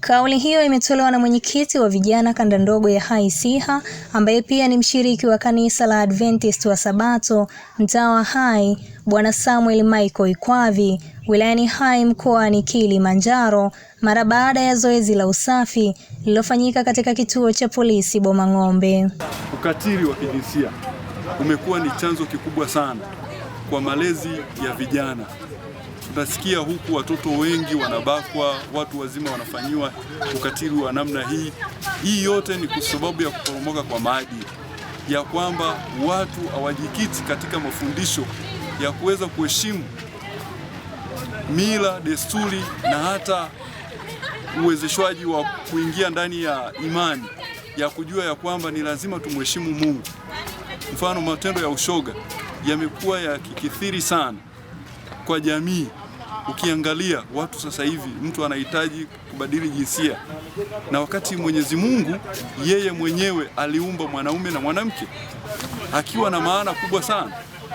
Kauli hiyo imetolewa na mwenyekiti wa vijana kanda ndogo ya Hai Siha ambaye pia ni mshiriki wa kanisa la Adventist wa Sabato mtaa wa Hai, Bwana Samuel Michael Ikwavi wilayani Hai mkoani Kilimanjaro mara baada ya zoezi la usafi lililofanyika katika kituo cha polisi Bomang'ombe. Ukatili wa kijinsia umekuwa ni chanzo kikubwa sana kwa malezi ya vijana tunasikia huku watoto wengi wanabakwa, watu wazima wanafanyiwa ukatili wa namna hii. Hii yote ni kwa sababu ya kuporomoka kwa maadili, ya kwamba watu hawajikiti katika mafundisho ya kuweza kuheshimu mila, desturi na hata uwezeshwaji wa kuingia ndani ya imani ya kujua ya kwamba ni lazima tumheshimu Mungu. Mfano, matendo ya ushoga yamekuwa yakikithiri sana kwa jamii. Ukiangalia watu sasa hivi, mtu anahitaji kubadili jinsia, na wakati Mwenyezi Mungu yeye mwenyewe aliumba mwanaume na mwanamke, akiwa na maana kubwa sana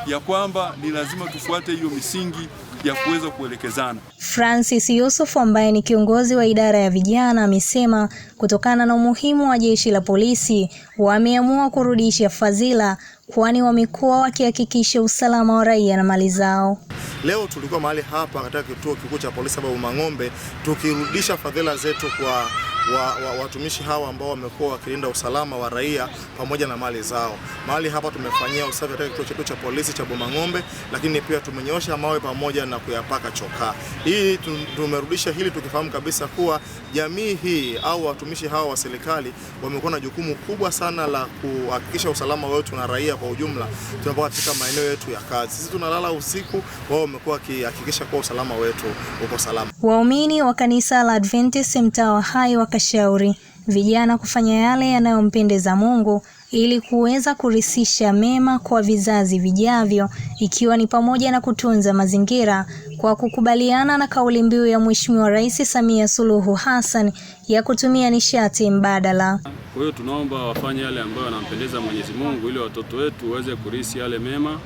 ya kwamba ni lazima tufuate hiyo misingi ya kuweza kuelekezana. Francis Yusuf ambaye ni kiongozi wa idara ya vijana amesema kutokana na umuhimu wa jeshi la polisi wameamua kurudisha fadhila, kwani wamekuwa wakihakikisha usalama wa raia na mali zao. Leo tulikuwa mahali hapa katika kituo kikuu cha polisi hapa mang'ombe tukirudisha fadhila zetu kwa wa, wa, watumishi hawa ambao wamekuwa wakilinda usalama wa raia pamoja na mali zao. Mahali hapa tumefanyia usafi katika kituo chetu cha polisi cha Bomang'ombe, lakini pia tumenyosha mawe pamoja na kuyapaka chokaa. Hii tumerudisha hili tukifahamu kabisa kuwa jamii hii au watumishi hawa wa serikali wamekuwa na jukumu kubwa sana la kuhakikisha usalama wetu na raia kwa ujumla tunapokuwa katika maeneo yetu ya kazi. Sisi tunalala usiku, wao wamekuwa wakihakikisha kuwa usalama wetu uko salama. Waumini wa kanisa la Adventist mtaa wa Hai kuwapa shauri vijana kufanya yale yanayompendeza Mungu ili kuweza kurithisha mema kwa vizazi vijavyo, ikiwa ni pamoja na kutunza mazingira kwa kukubaliana na kauli mbiu ya Mheshimiwa Rais Samia Suluhu Hassan ya kutumia nishati mbadala. Kwa hiyo tunaomba wafanye yale ambayo yanampendeza Mwenyezi Mungu ili watoto wetu waweze kurithi yale mema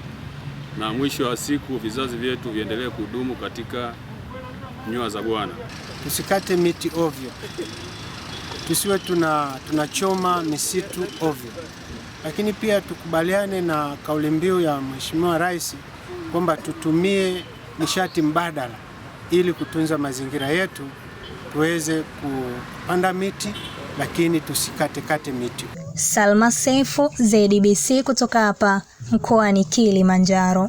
na mwisho wa siku vizazi vyetu viendelee kudumu katika nyua za Bwana. Tusikate miti ovyo, tusiwe tuna tunachoma misitu ovyo, lakini pia tukubaliane na kauli mbiu ya Mheshimiwa Rais kwamba tutumie nishati mbadala ili kutunza mazingira yetu, tuweze kupanda miti lakini tusikatekate miti. Salma Seifo, ZDBC kutoka hapa mkoani Kilimanjaro.